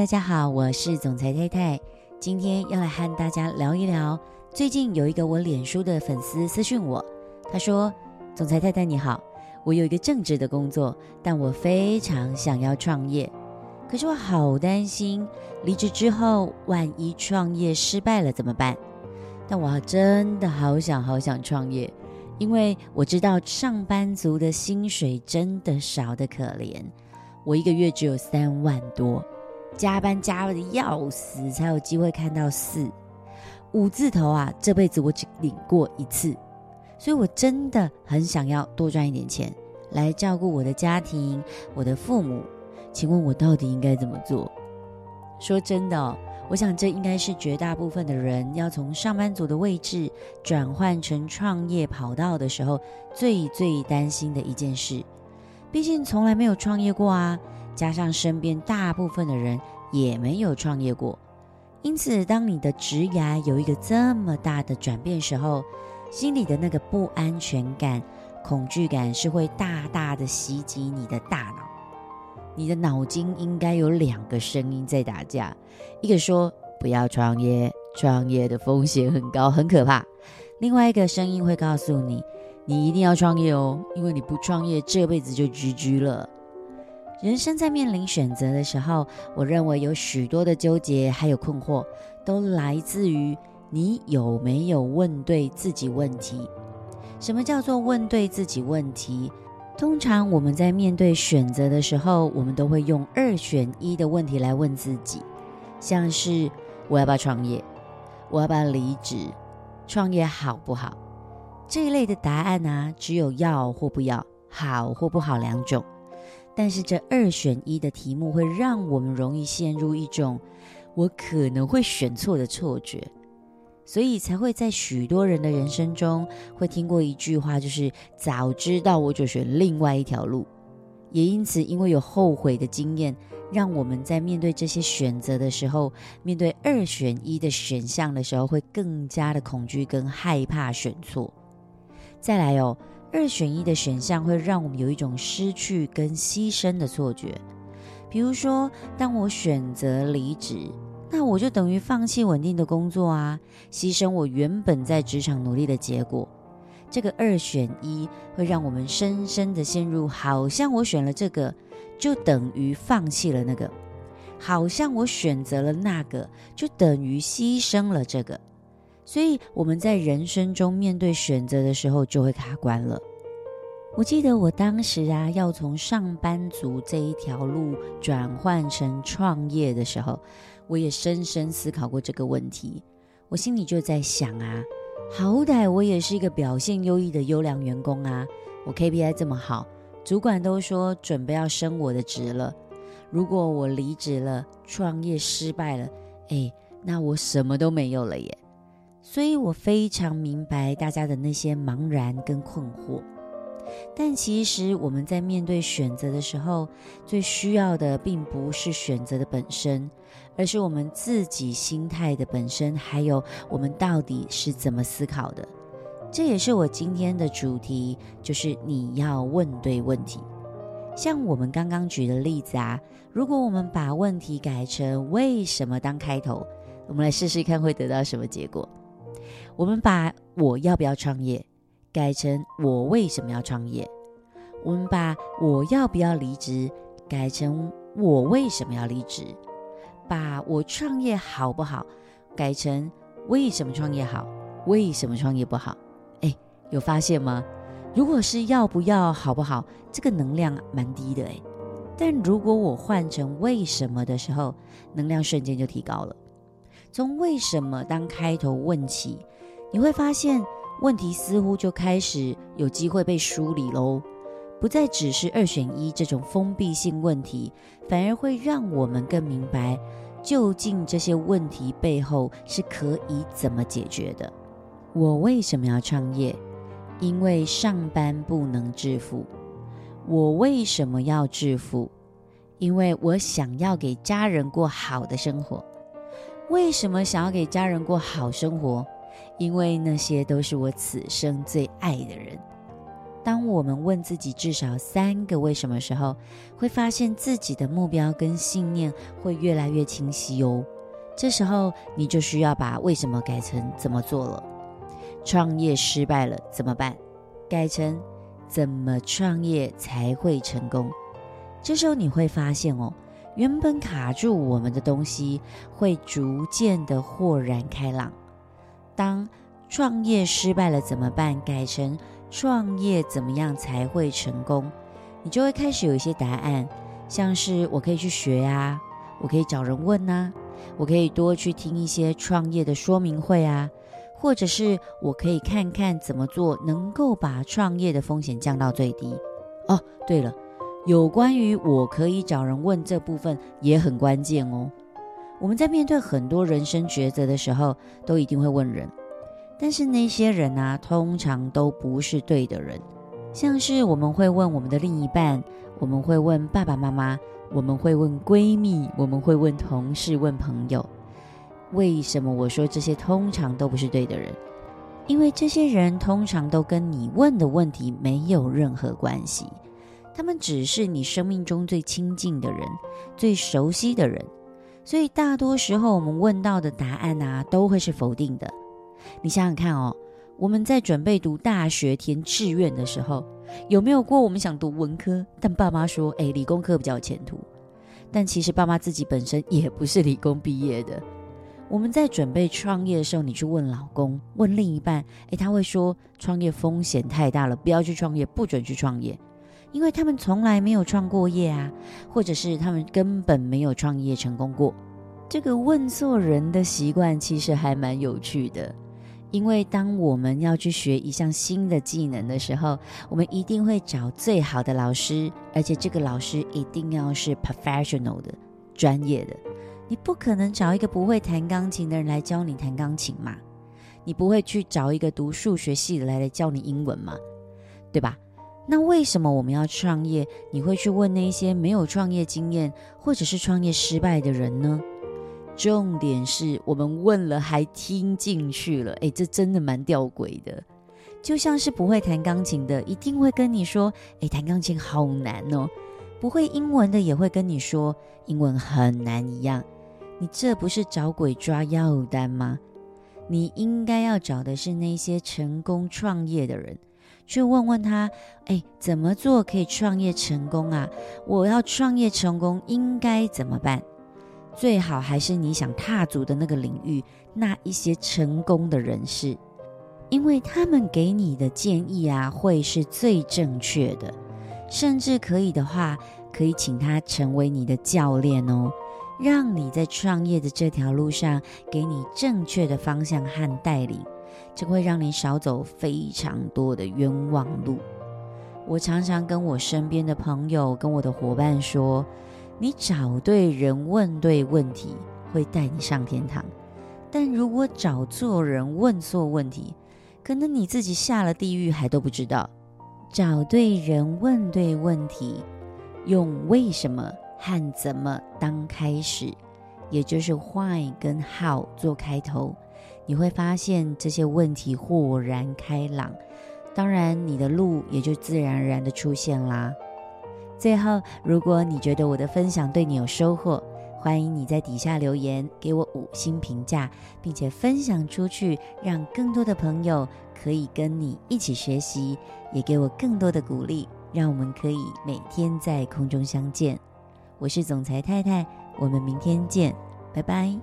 大家好，我是總裁太太。今天要來和大家聊一聊。最近有一個我臉書的粉絲私訊我，他說：“總裁太太你好，我有一個正職的工作，但我非常想要創業。可是我好擔心離職之後，萬一創業失敗了怎麼辦？但我真的好想好想創業，因為我知道上班族的薪水真的少得可憐，我一個月只有三萬多。”加班加班的要死，才有機會看到四、五字頭啊！這輩子我只領過一次，所以我真的很想要多賺一點錢來照顧我的家庭、我的父母。請問我到底應該怎麼做？說真的哦，我想這應該是絕大部分的人要從上班族的位置轉換成創業跑道的時候最最擔心的一件事。畢竟從來沒有創業過啊。加上身邊大部分的人也沒有創業過，因此，當你的職涯有一個這麼大的轉變時候，心裡的那個不安全感、恐懼感是會大大的襲擊你的大腦。你的腦筋應該有兩個聲音在打架，一個說不要創業，創業的風險很高，很可怕。另外一個聲音會告訴你，你一定要創業哦，因為你不創業這輩子就 GG 了。人生在面臨選擇的時候，我認為有許多的糾結還有困惑，都來自於你有沒有問對自己問題。什麼叫做問對自己問題？通常我們在面對選擇的時候，我們都會用二選一的問題來問自己，像是我要不要創業，我要不要離職，創業好不好？這一類的答案呢、啊，只有要或不要，好或不好兩種。但是這二選一的題目會讓我們容易陷入一種我可能會選錯的錯覺，所以才會在許多人的人生中會聽過一句話，就是早知道我就選另外一條路。也因此，因為有後悔的經驗，讓我們在面對這些選擇的時候，面對二選一的選項的時候，會更加的恐懼跟害怕選錯。再來哦。二選一的選項會讓我們有一種失去跟犧牲的錯覺，比如說，當我選擇離職，那我就等於放棄穩定的工作啊，犧牲我原本在職場努力的結果。這個二選一會讓我們深深的陷入，好像我選了這個，就等於放棄了那個，好像我選擇了那個，就等於犧牲了這個。所以我們在人生中面對選擇的時候就會卡關了。我記得我當時啊，要從上班族這一條路轉換成創業的時候，我也深深思考過這個問題。我心裡就在想啊，好歹我也是一個表現優異的優良員工啊，我 KPI 這麼好，主管都說準備要升我的職了。如果我離職了，創業失敗了，哎，那我什麼都沒有了耶。所以我非常明白大家的那些茫然跟困惑，但其實我們在面對選擇的時候，最需要的並不是選擇的本身，而是我們自己心態的本身，還有我們到底是怎麼思考的。這也是我今天的主題，就是你要問對問題。像我們剛剛舉的例子啊，如果我們把問題改成為什麼當開頭，我們來試試看會得到什麼結果。我們把我要不要創業改成我為什麼要創業，我們把我要不要離職改成我為什麼要離職，把我創業好不好改成為什麼創業好，為什麼創業不好？哎，有發現嗎？如果是要不要、好不好，這個能量蠻低的哎，但如果我換成為什麼的時候，能量瞬間就提高了。從為什麼當開頭問起，你會發現問題似乎就開始有機會被梳理嘍，不再只是二選一這種封閉性問題，反而會讓我們更明白，究竟這些問題背後是可以怎麼解決的。我為什麼要創業？因為上班不能致富。我為什麼要致富？因為我想要給家人過好的生活。為什麼想要給家人過好生活？因為那些都是我此生最愛的人。當我們問自己至少三個為什麼時候，會發現自己的目標跟信念會越來越清晰哦。這時候你就需要把為什麼改成怎麼做了。創業失敗了怎麼辦？改成怎麼創業才會成功？這時候你會發現哦。原本卡住我們的東西會逐漸的豁然開朗。當創業失敗了怎麼辦？改成創業怎麼樣才會成功？你就會開始有一些答案，像是我可以去學啊，我可以找人問吶啊，我可以多去聽一些創業的說明會啊，或者是我可以看看怎麼做能夠把創業的風險降到最低。哦，對了。有關於我可以找人問這部分也很關鍵哦。我們在面對很多人生抉擇的時候，都一定會問人，但是那些人啊，通常都不是對的人。像是我們會問我們的另一半，我們會問爸爸媽媽，我們會問閨蜜，我們會問同事，問朋友。為什麼我說這些通常都不是對的人？因為這些人通常都跟你問的問題沒有任何關係。他們只是你生命中最親近的人，最熟悉的人，所以大多時候我們問到的答案呢、啊，都會是否定的。你想想看哦，我們在準備讀大學填志願的時候，有沒有過我們想讀文科，但爸媽說，哎，理工科比較有前途。但其實爸媽自己本身也不是理工畢業的。我們在準備創業的時候，你去問老公、問另一半，哎，他會說創業風險太大了，不要去創業，不准去創業。因為他們從來沒有創過業啊，或者是他們根本沒有創業成功過。這個問錯人的習慣其實還蠻有趣的。因為當我們要去學一項新的技能的時候，我們一定會找最好的老師，而且這個老師一定要是 professional 的、專業的。你不可能找一個不會彈鋼琴的人來教你彈鋼琴嘛？你不會去找一個讀數學系的來，來教你英文嘛？對吧？那為什麼我們要創業，你會去問那些沒有創業經驗或者是創業失敗的人呢？重點是我們問了還聽進去了，哎，這真的蠻弔詭的。就像是不會彈鋼琴的，一定會跟你說，哎，彈鋼琴好難哦。不會英文的也會跟你說，英文很難一樣。你這不是找鬼抓藥單嗎？你應該要找的是那些成功創業的人。去問問他，哎，怎麼做可以創業成功啊？我要創業成功應該怎麼辦？最好還是你想踏足的那個領域，那一些成功的人士，因為他們給你的建議啊，會是最正確的。甚至可以的話，可以請他成為你的教練哦，讓你在創業的這條路上給你正確的方向和帶領。這會讓你少走非常多的冤枉路。我常常跟我身邊的朋友、跟我的夥伴說：“你找對人、問對問題，會帶你上天堂；但如果找錯人、問錯問題，可能你自己下了地獄還都不知道。”找對人、問對問題，用“為什麼”和“怎麼”當開始，也就是 “why” 跟 “how” 做開頭。你會發現這些問題豁然開朗，當然你的路也就自然而然的出現啦。最後，如果你覺得我的分享對你有收穫，歡迎你在底下留言給我五星評價，並且分享出去，讓更多的朋友可以跟你一起學習，也給我更多的鼓勵，讓我們可以每天在空中相見。我是總裁太太，我們明天見，拜拜。